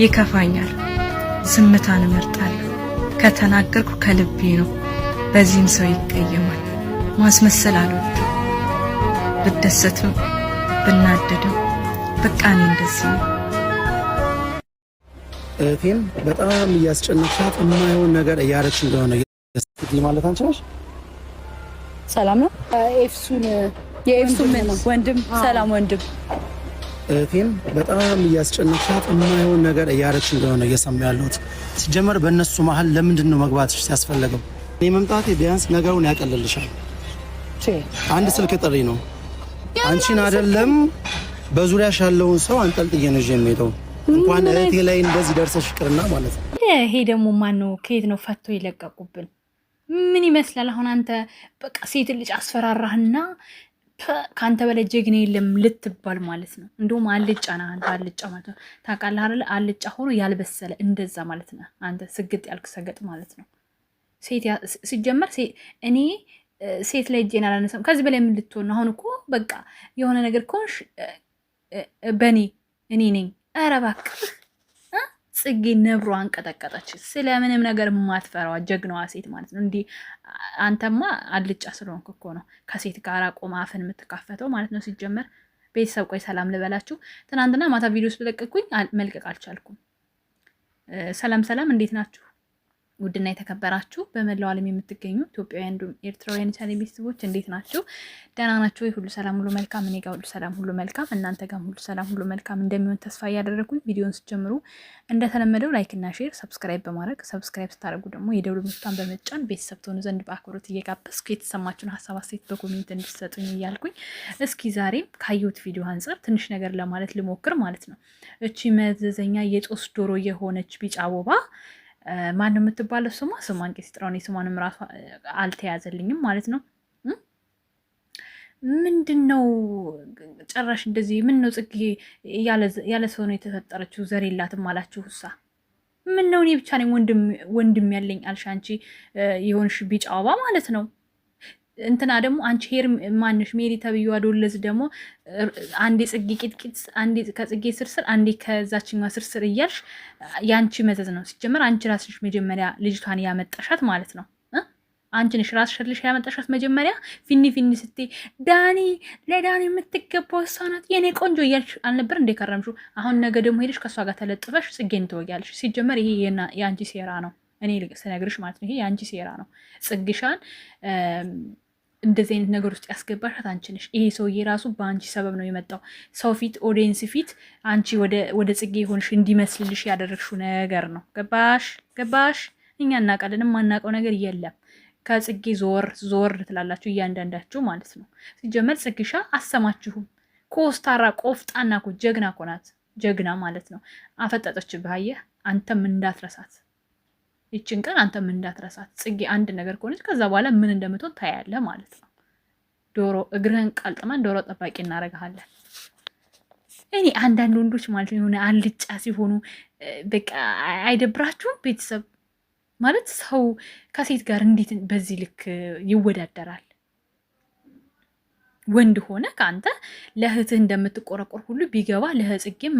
ይከፋኛል። ዝምታን እመርጣለሁ። ከተናገርኩ ከልቤ ነው። በዚህም ሰው ይቀየማል። ማስመሰል አልወድም። ብደሰትም ብናደድም በቃ እኔ እንደዚህ ነው። እህቴን በጣም እያስጨነቅሻት የማይሆን ነገር እያደረግሽ እንደሆነ ማለት አንቺ ነሽ። ሰላም ነው። ኤፍሱን የኤፍሱ የኤፍሱን ወንድም ሰላም ወንድም እህቴን በጣም እያስጨነቅሻት የማይሆን ነገር እያረች እንደሆነ እየሰማሁ ያለሁት። ሲጀመር በእነሱ መሀል ለምንድን ነው መግባት ሲያስፈለገው? እኔ መምጣቴ ቢያንስ ነገሩን ያቀልልሻል። አንድ ስልክ ጥሪ ነው። አንቺን አይደለም በዙሪያሽ ያለውን ሰው አንጠልጥዬ ነው የሚሄደው። እንኳን እህቴ ላይ እንደዚህ ደርሰሽ ይቅርና ማለት ነው። ይሄ ደግሞ ማነው? ከየት ነው ፈቶ ይለቀቁብን? ምን ይመስላል አሁን አንተ በቃ ሴት ልጅ አስፈራራህና ከአንተ በላይ ጀግና የለም ልትባል ማለት ነው። እንዲሁም አልጫ ነህ አንተ አልጫ ማለት ነው። ታውቃለህ አይደለ? አልጫ ሆኖ ያልበሰለ እንደዛ ማለት ነው። አንተ ስግጥ ያልክ ሰገጥ ማለት ነው። ሴት ሲጀመር እኔ ሴት ላይ እጄን አላነሳም። ከዚህ በላይ ምን ልትሆን ነው? አሁን እኮ በቃ የሆነ ነገር ከሆንሽ በኔ እኔ ነኝ። ኧረ እባክህ ጽጌ ነብሮ አንቀጠቀጠች። ስለምንም ነገር ማትፈራዋ ጀግናዋ ሴት ማለት ነው። እንዲህ አንተማ አልጫ ስለሆንክ እኮ ነው ከሴት ጋር ቆማ አፍን የምትካፈተው ማለት ነው። ሲጀመር ቤተሰብ ቆይ ሰላም ልበላችሁ። ትናንትና ማታ ቪዲዮ ስለለቀቅኩኝ መልቀቅ አልቻልኩም። ሰላም ሰላም፣ እንዴት ናችሁ? ውድና የተከበራችሁ በመላው ዓለም የምትገኙ ኢትዮጵያውያን እንዲሁም ኤርትራውያን ቻሌ ቤተሰቦች እንዴት ናችሁ? ደህና ናችሁ? ሁሉ ሰላም ሁሉ መልካም፣ እኔ ጋር ሁሉ ሰላም ሁሉ መልካም፣ እናንተ ጋር ሁሉ ሰላም ሁሉ መልካም እንደሚሆን ተስፋ እያደረግኩኝ ቪዲዮን ስትጀምሩ እንደተለመደው ላይክና ሼር፣ ሰብስክራይብ በማድረግ ሰብስክራይብ ስታደርጉ ደግሞ የደውል ምልክቱን በመጫን ቤተሰብ ትሆኑ ዘንድ በአክብሮት እየጋበዝኩ የተሰማችሁን ሀሳብ አስተያየት በኮሜንት እንድትሰጡኝ እያልኩኝ እስኪ ዛሬም ካየሁት ቪዲዮ አንጻር ትንሽ ነገር ለማለት ልሞክር ማለት ነው። እቺ መዘዘኛ የጦስ ዶሮ የሆነች ቢጫ አበባ ማን ነው የምትባለው? ስሟ ስሟን ቄስ ጥራውን የስሟንም ራሱ አልተያዘልኝም ማለት ነው። ምንድን ነው ጨራሽ እንደዚህ? ምን ነው ጽጌ ያለ ሰው ነው የተፈጠረችው? ዘር የላትም አላችሁ እሷ ምን ነው እኔ ብቻ ነኝ ወንድም ያለኝ አልሽ አንቺ የሆንሽ ቢጫ አበባ ማለት ነው። እንትና ደግሞ አንቺ ሄር ማንሽ ሜሪ ተብዬዋ አዶለዝ ደግሞ አንዴ ጽጌ ቂጥቂጥ አንዴ ከጽጌ ስርስር አንዴ ከዛችኛ ስርስር እያልሽ የአንቺ መዘዝ ነው። ሲጀመር አንቺ ራስሽ መጀመሪያ ልጅቷን ያመጣሻት ማለት ነው። አንቺ ነሽ ራስሽ ልሽ ያመጣሻት መጀመሪያ። ፊኒ ፊኒ ስትይ ዳኒ ለዳኒ የምትገባው እሷ ናት የኔ ቆንጆ እያልሽ አልነበር እንዴ ከረምሹ? አሁን ነገ ደግሞ ሄደሽ ከእሷ ጋር ተለጥፈሽ ጽጌን ትወጊያለሽ። ሲጀመር ይሄ የአንቺ ሴራ ነው። እኔ ስነግርሽ ማለት ነው። ይሄ የአንቺ ሴራ ነው። ጽግሻን እንደዚህ አይነት ነገር ውስጥ ያስገባሻት አንቺ ነሽ። ይሄ ሰውዬ ራሱ በአንቺ ሰበብ ነው የመጣው። ሰው ፊት፣ ኦዲየንስ ፊት አንቺ ወደ ጽጌ የሆንሽ እንዲመስልልሽ ያደረግሽው ነገር ነው። ገባሽ? ገባሽ? እኛ እናውቃለን። የማናውቀው ነገር የለም። ከጽጌ ዞር ዞር ትላላችሁ እያንዳንዳችሁ ማለት ነው። ሲጀመር ጽግሻ አሰማችሁም። ኮስታራ፣ ቆፍጣና እኮ ጀግና እኮ ናት። ጀግና ማለት ነው። አፈጠጠች ባየ አንተም እንዳትረሳት ይችን ቀን ምን እንዳትረሳት ጽጌ። አንድ ነገር ከሆነች ከዛ በኋላ ምን እንደምትሆን ታያለህ ማለት ነው። ዶሮ እግርህን ቀልጥመን ዶሮ ጠባቂ እናደርግሃለን። እኔ አንዳንድ ወንዶች ማለት የሆነ አልጫ ሲሆኑ በቃ አይደብራችሁም? ቤተሰብ ማለት ሰው ከሴት ጋር እንዴት በዚህ ልክ ይወዳደራል? ወንድ ሆነ ከአንተ ለእህትህ እንደምትቆረቆር ሁሉ ቢገባ ለጽጌም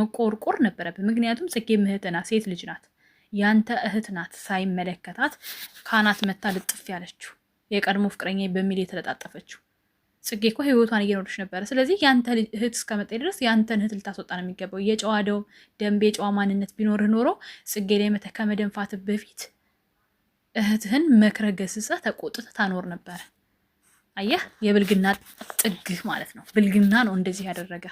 መቆርቆር ነበረብህ። ምክንያቱም ጽጌም እህትና ሴት ልጅ ናት። ያንተ እህት ናት ሳይመለከታት ካናት መታ ልጥፍ ያለችው የቀድሞ ፍቅረኛ በሚል የተለጣጠፈችው ጽጌ እኮ ህይወቷን እየኖረች ነበረ። ስለዚህ ያንተ እህት እስከመጣ ድረስ ያንተን እህት ልታስወጣ ነው የሚገባው። የጨዋ ደንብ የጨዋ ማንነት ቢኖርህ ኖሮ ጽጌ ላይ መተህ ከመደንፋት በፊት እህትህን መክረህ ገስጸህ ተቆጥተህ ታኖር ነበረ። አየህ፣ የብልግና ጥግህ ማለት ነው። ብልግና ነው እንደዚህ ያደረገ።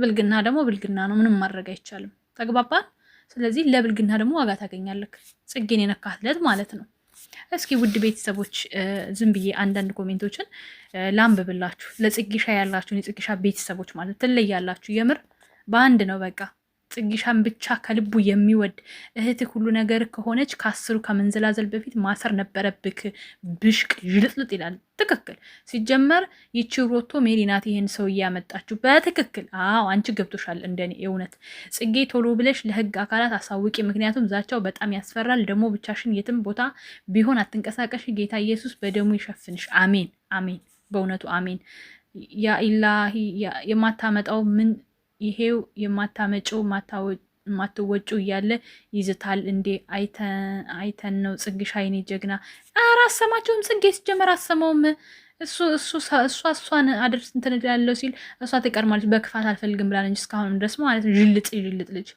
ብልግና ደግሞ ብልግና ነው። ምንም ማድረግ አይቻልም። ተግባባን። ስለዚህ ለብልግና ደግሞ ዋጋ ታገኛለክ። ጽጌን የነካትለት ማለት ነው። እስኪ ውድ ቤተሰቦች ዝም ብዬ አንዳንድ ኮሜንቶችን ላንብብላችሁ። ለጽጌሻ ያላችሁን የጽጌሻ ቤተሰቦች ማለት ትለያላችሁ። የምር በአንድ ነው በቃ ጽጊሻን ብቻ ከልቡ የሚወድ እህትህ ሁሉ ነገር ከሆነች ከአስሩ ከመንዘላዘል በፊት ማሰር ነበረብክ። ብሽቅ ዥልጥልጥ ይላል። ትክክል። ሲጀመር ይቺ ሮቶ ሜሪ ይህን ሰው እያመጣችሁ። በትክክል አዎ፣ አንቺ ገብቶሻል። እንደኔ እውነት ጽጌ፣ ቶሎ ብለሽ ለህግ አካላት አሳውቂ። ምክንያቱም ዛቻው በጣም ያስፈራል። ደግሞ ብቻሽን የትም ቦታ ቢሆን አትንቀሳቀሽ። ጌታ ኢየሱስ በደሙ ይሸፍንሽ። አሜን፣ አሜን። በእውነቱ አሜን። ያ ኢላሂ የማታመጣው ምን ይሄው የማታመጪው ማትወጩ እያለ ይዝታል እንዴ? አይተን ነው ጽግሽ አይኔ ጀግና። ኧረ አሰማቸውም ጽጌ ሲጀመር አሰማውም እሱ እሱ እሷ እሷን አድርስ እንትን እላለሁ ሲል እሷ ትቀርማለች። በክፋት አልፈልግም ብላ እንጂ እስካሁንም ድረስ ማለት ነው። ዥልጥ ዥልጥ ልጅ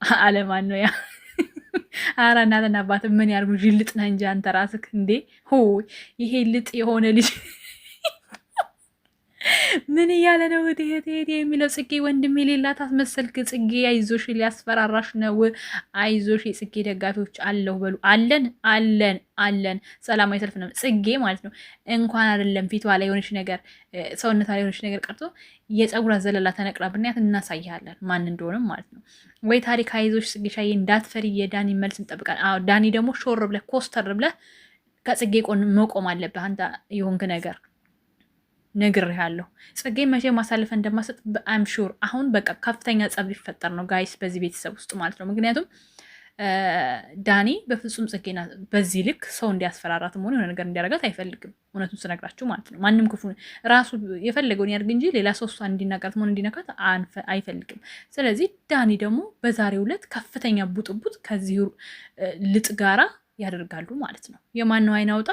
አለማን ነው ያ አራ እናትና አባት ምን ያርጉ? ዥልጥ ነህ እንጂ አንተ ራስህ እንዴ! ሆይ ይሄ ልጥ የሆነ ልጅ ምን እያለ ነው እህቴ እህቴ የሚለው ጽጌ ወንድም የሌላት አስመሰልክ ጽጌ አይዞሽ ሊያስፈራራሽ ነው አይዞሽ የጽጌ ደጋፊዎች አለሁ በሉ አለን አለን አለን ሰላማዊ ሰልፍ ነው ጽጌ ማለት ነው እንኳን አይደለም ፊቷ ላይ የሆነች ነገር ሰውነቷ ላይ የሆነች ነገር ቀርቶ የፀጉር ዘለላ ተነቅራ ብናያት እናሳያለን ማን እንደሆነም ማለት ነው ወይ ታሪክ አይዞሽ ጽጌሻዬ እንዳትፈሪ የዳኒ መልስ እንጠብቃል ዳኒ ደግሞ ሾር ብለህ ኮስተር ብለህ ከጽጌ ቆን መቆም አለብህ አንተ የሆንክ ነገር ነግሬሃለሁ። ጽጌ መቼ ማሳለፈ እንደማሰጥ በአም ሹር። አሁን በቃ ከፍተኛ ጸብ ሊፈጠር ነው ጋይስ፣ በዚህ ቤተሰብ ውስጥ ማለት ነው። ምክንያቱም ዳኒ በፍጹም ጽጌና በዚህ ልክ ሰው እንዲያስፈራራትም ሆነ የሆነ ነገር እንዲያረጋት አይፈልግም። እውነቱን ስነግራችሁ ማለት ነው። ማንም ክፉ ራሱ የፈለገውን ያድርግ እንጂ ሌላ ሰው እሷ እንዲናቃት ሆነ እንዲነካት አይፈልግም። ስለዚህ ዳኒ ደግሞ በዛሬው ዕለት ከፍተኛ ቡጥቡጥ ከዚህ ልጥ ጋራ ያደርጋሉ ማለት ነው። የማን አይናውጣ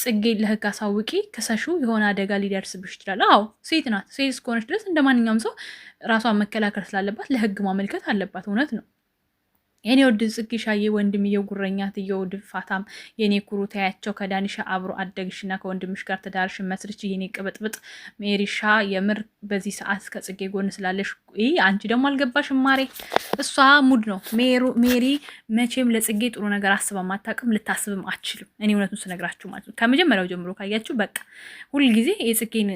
ጽጌን ለህግ አሳውቂ፣ ከሰሹ የሆነ አደጋ ሊደርስብሽ ይችላል። አዎ ሴት ናት። ሴት እስከሆነች ድረስ እንደ ማንኛውም ሰው ራሷን መከላከል ስላለባት ለህግ ማመልከት አለባት። እውነት ነው። የኔ ወድ ጽጌሻዬ ወንድምዬው ጉረኛ ትየው ድፋታም የኔ ኩሩ ተያቸው ከዳኒሻ አብሮ አደግሽና ከወንድምሽ ጋር ትዳርሽ መስርች የኔ ቅብጥብጥ ሜሪሻ የምር በዚህ ሰዓት እስከ ጽጌ ጎን ስላለሽ አንቺ ደግሞ አልገባሽም ማሬ። እሷ ሙድ ነው ሜሪ። መቼም ለጽጌ ጥሩ ነገር አስበም አታውቅም፣ ልታስብም አችልም። እኔ እውነቱን ስነግራችሁ ማለት ነው። ከመጀመሪያው ጀምሮ ካያችሁ በቃ ሁልጊዜ የጽጌን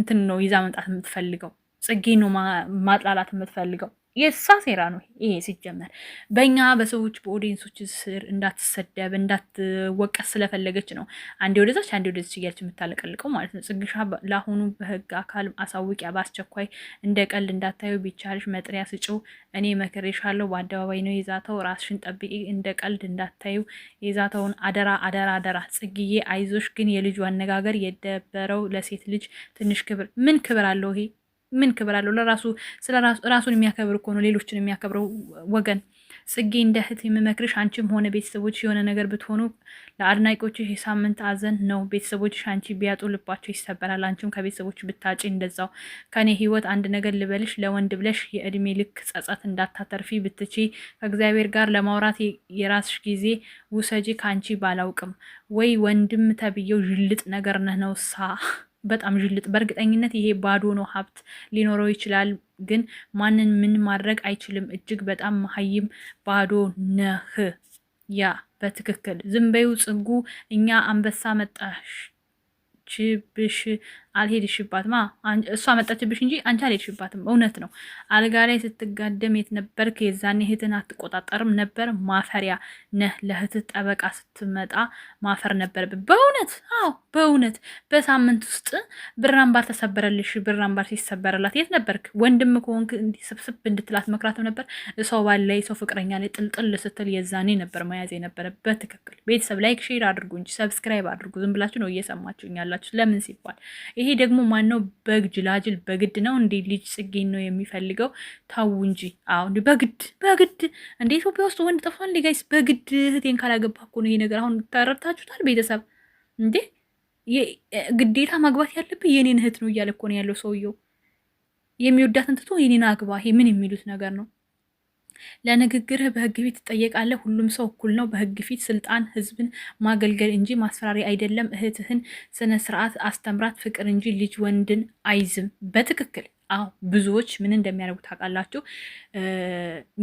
እንትን ነው ይዛ መምጣት የምትፈልገው ጽጌ ነው ማጥላላት የምትፈልገው የእሷ ሴራ ነው ይሄ ሲጀመር። በእኛ በሰዎች በኦዲየንሶች ስር እንዳትሰደብ እንዳትወቀስ ስለፈለገች ነው አንዴ ወደዛች አንዴ ወደዚች እያለች የምታለቀልቀው ማለት ነው። ጽግሻ ለአሁኑ በህግ አካል አሳውቂያ፣ በአስቸኳይ እንደ ቀልድ እንዳታዩ፣ ቢቻልሽ መጥሪያ ስጭው፣ እኔ መክሬሻለሁ። በአደባባይ ነው የዛተው፣ ራስሽን ጠብቂ፣ እንደ ቀልድ እንዳታዩ የዛተውን አደራ፣ አደራ፣ አደራ። ጽግዬ አይዞሽ። ግን የልጁ አነጋገር የደበረው ለሴት ልጅ ትንሽ ክብር ምን ክብር አለው ይሄ ምን ክብር አለው? ለራሱ ስለ ራሱን የሚያከብር እኮ ነው ሌሎችን የሚያከብረው ወገን ጽጌ እንደ እህት የምመክርሽ አንቺም ሆነ ቤተሰቦች የሆነ ነገር ብትሆኑ ለአድናቂዎችሽ የሳምንት አዘን ነው። ቤተሰቦችሽ አንቺ ቢያጡ ልባቸው ይሰበራል። አንቺም ከቤተሰቦች ብታጪ እንደዛው። ከኔ ህይወት አንድ ነገር ልበልሽ፣ ለወንድ ብለሽ የእድሜ ልክ ጸጸት እንዳታተርፊ ብትቺ ከእግዚአብሔር ጋር ለማውራት የራስሽ ጊዜ ውሰጂ። ከአንቺ ባላውቅም ወይ ወንድም ተብዬው ዥልጥ ነገር ነህ ነው ሳ በጣም ዥልጥ። በእርግጠኝነት ይሄ ባዶ ነው። ሀብት ሊኖረው ይችላል፣ ግን ማንን ምን ማድረግ አይችልም። እጅግ በጣም መሀይም ባዶ ነህ። ያ በትክክል ዝም በይው ጽጉ። እኛ አንበሳ መጣች ችብሽ አልሄድሽባትማ እሷ መጣችብሽ እንጂ አንቺ አልሄድሽባትም። እውነት ነው። አልጋ ላይ ስትጋደም የት ነበርክ? የዛኔ እህትን አትቆጣጠርም ነበር። ማፈሪያ ነህ። ለእህትህ ጠበቃ ስትመጣ ማፈር ነበረብን። በእውነት አዎ፣ በእውነት በሳምንት ውስጥ ብር አምባር ተሰበረልሽ። ብር አምባር ሲሰበረላት የት ነበርክ? ወንድም ከሆንክ ስብስብ እንድትላት መክራት ነበር። ሰው ባል ላይ ሰው ፍቅረኛ ላይ ጥልጥል ስትል የዛኔ ነበር መያዝ የነበረበት። ትክክል። ቤተሰብ ላይክ ሼር አድርጉ እንጂ ሰብስክራይብ አድርጉ። ዝም ብላችሁ ነው እየሰማችሁኝ ያላችሁ። ለምን ሲባል ይሄ ደግሞ ማነው? በግ ጅላጅል በግድ ነው እንዴ? ልጅ ጽጌን ነው የሚፈልገው? ታው እንጂ። አዎ በግድ በግድ እንዴ ኢትዮጵያ ውስጥ ወንድ ጠፋ እንዴ ጋይስ? በግድ እህቴን ካላገባ እኮ ነው ይሄ ነገር። አሁን ተረድታችሁታል ቤተሰብ? እንዴ ግዴታ ማግባት ያለብህ የኔን እህት ነው እያለ እኮ ነው ያለው ሰውየው። የሚወዳትን ትቶ የኔን አግባ። ይሄ ምን የሚሉት ነገር ነው? ለንግግርህ በህግ ፊት ትጠየቃለህ። ሁሉም ሰው እኩል ነው በህግ ፊት። ስልጣን ህዝብን ማገልገል እንጂ ማስፈራሪ አይደለም። እህትህን ስነ ስርዓት አስተምራት፣ ፍቅር እንጂ ልጅ ወንድን አይዝም። በትክክል አዎ። ብዙዎች ምን እንደሚያደርጉ ታውቃላችሁ?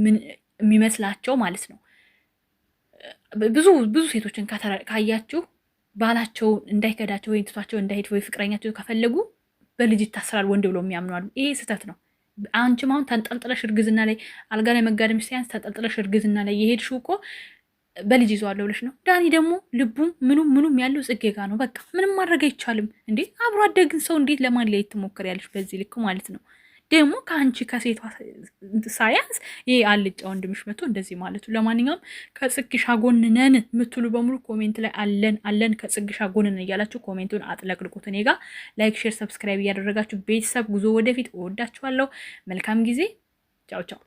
ምን የሚመስላቸው ማለት ነው። ብዙ ብዙ ሴቶችን ካያችሁ ባላቸው እንዳይከዳቸው ወይ ትቷቸው እንዳይሄድ ወይ ፍቅረኛቸው ከፈለጉ በልጅ ይታሰራል ወንድ ብሎ የሚያምኗሉ። ይሄ ስህተት ነው። አንቺም አሁን ተንጠልጥለሽ እርግዝና ላይ አልጋ ላይ መጋደም ሲያንስ ተንጠልጥለሽ እርግዝና ላይ የሄድሽው እኮ በልጅ ይዘዋለሁ ብለሽ ነው። ዳኒ ደግሞ ልቡም ምኑም ምኑም ያለው ጽጌ ጋ ነው። በቃ ምንም ማድረግ አይቻልም እንዴ! አብሮ አደግን ሰው እንዴት ትሞክር ያለች በዚህ ልክ ማለት ነው። ደግሞ ከአንቺ ከሴቷ ሳያንስ ይሄ አልጫ ወንድምሽ መቶ እንደዚህ ማለቱ። ለማንኛውም ከጽግሻ ጎን ነን የምትሉ በሙሉ ኮሜንት ላይ አለን አለን ከጽግሻ ጎን ነን እያላችሁ ኮሜንቱን አጥለቅልቁት። እኔ ላይክ፣ ሼር፣ ሰብስክራይብ እያደረጋችሁ ቤተሰብ ጉዞ ወደፊት። እወዳችኋለሁ። መልካም ጊዜ። ቻው ቻው።